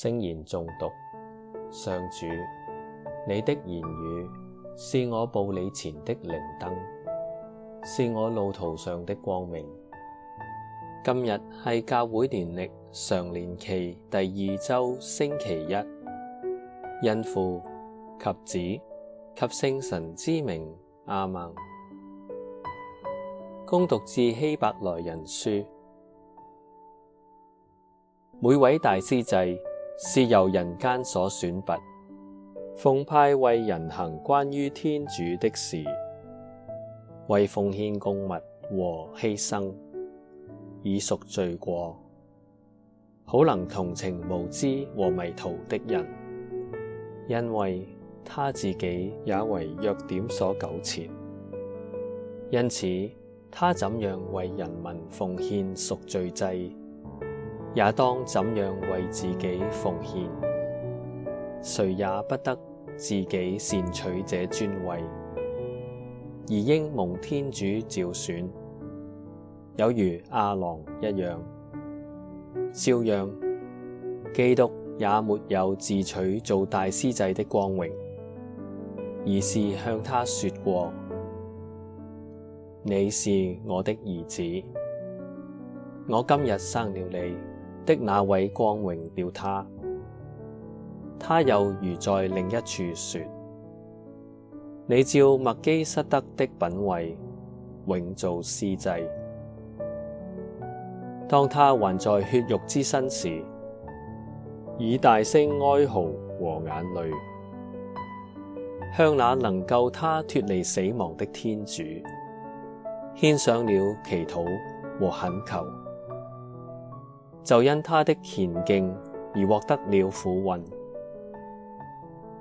聖言誦讀，上主，你的言語是我步你前的靈燈，是我路途上的光明。今日係教會年曆常年期第二周星期一，因父及子及聖神之名阿們。恭讀致希伯來人書，每位大司祭。是由人間所選拔，奉派為人行關於天主的事，為奉獻供物和犧牲，以贖罪過，好能同情無知和迷途的人，因為他自己也為弱點所糾纏，因此他怎樣為人民奉獻贖罪祭。也當怎樣為自己奉獻。誰也不得自己擅取這尊位，而應蒙天主召選，有如亞郎一樣。照樣，基督也沒有自取做大司祭的光榮，而是向他說過：你是我的兒子，我今日生了你。的那位光榮了他，他又如在另一處說：你照默基瑟德的品位，永做司祭。當他還在血肉之身時，以大聲哀號和眼淚，向那能救他脫離死亡的天主，獻上了祈禱和懇求。就因他的虔敬而獲得了俯允。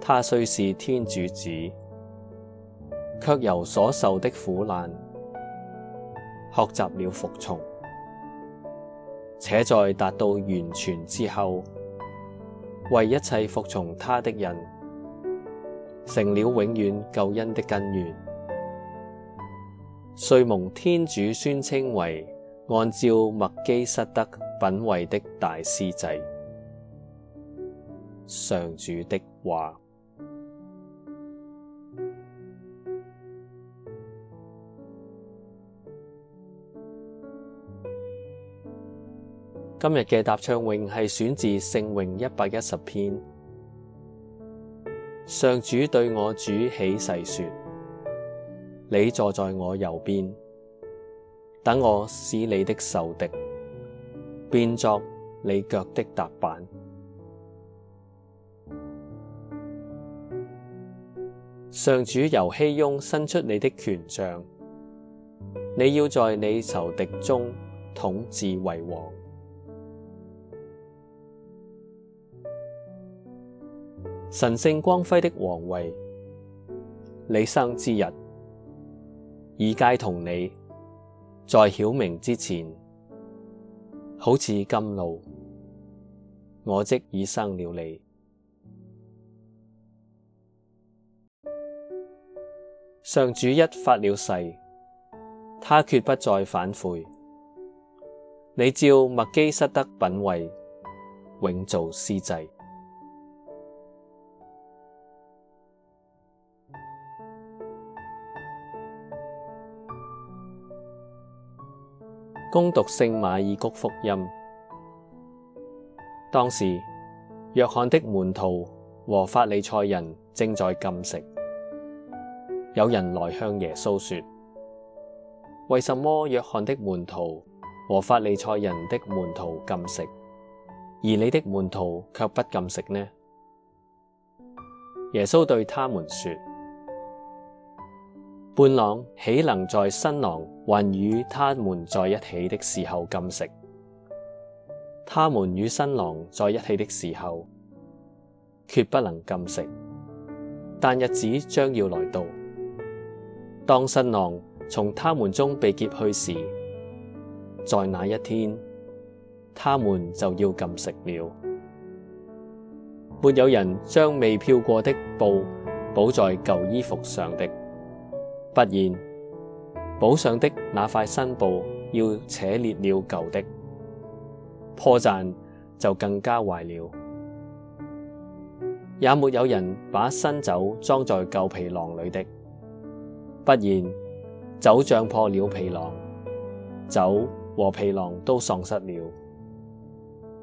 他雖是天主子，卻由所受的苦難學習了服從，且在達到完全之後，為一切服從他的人成了永遠救恩的根源。遂蒙天主宣稱為按照默基瑟德品位的大司祭，上主的話，今日嘅答唱詠係選自聖詠一百一十篇。上主對我主起誓說，你坐在我右邊。等我使你的仇敵變作你腳的踏板！上主由熙雍伸出你的權杖，你要在你仇敵中統治為王！神聖光輝的王位，你生之日，已偕同你。在曉明之前，好似甘露，我即已生了你。上主一發了誓，他決不再反悔。你照默基瑟德品位，永做司祭。恭讀聖馬爾谷福音。當時，若翰的門徒和法利賽人正在禁食。有人來向耶穌說：為什麼若翰的門徒和法利賽人的門徒禁食，而你的門徒卻不禁食呢？耶穌對他們說。伴郎豈能在新郎還與他們在一起的時候禁食？他們與新郎在一起的時候，決不能禁食。但日子將要來到：當新郎從他們中被劫去時，在那一天，他們就要禁食了。沒有人將未漂過的布補在舊衣服上的。不然，補上的那塊新布要扯裂了舊的，破綻就更加壞了。也沒有人把新酒裝在舊皮囊裏的，不然，酒漲破了皮囊，酒和皮囊都喪失了；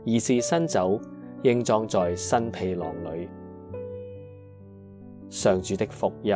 而是新酒應裝在新皮囊裏。上主的福音。